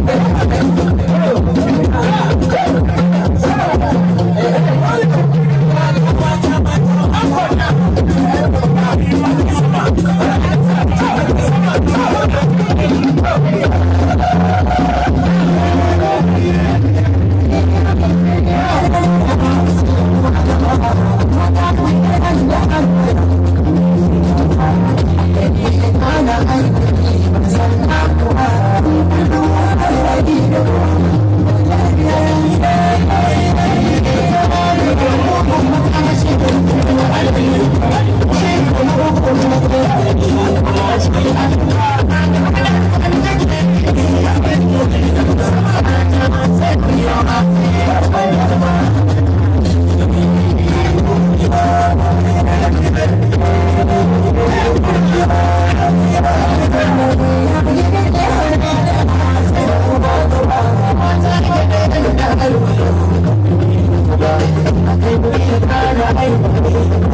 Thank you. I'm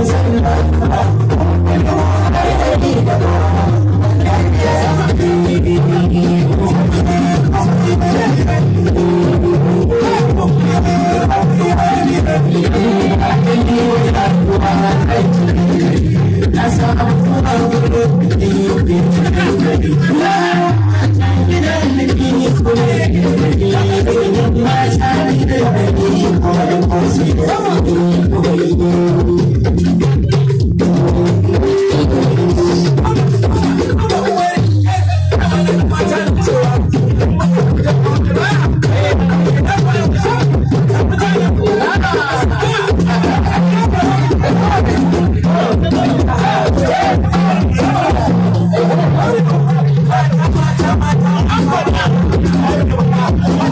I'm I'm gonna go to the hospital.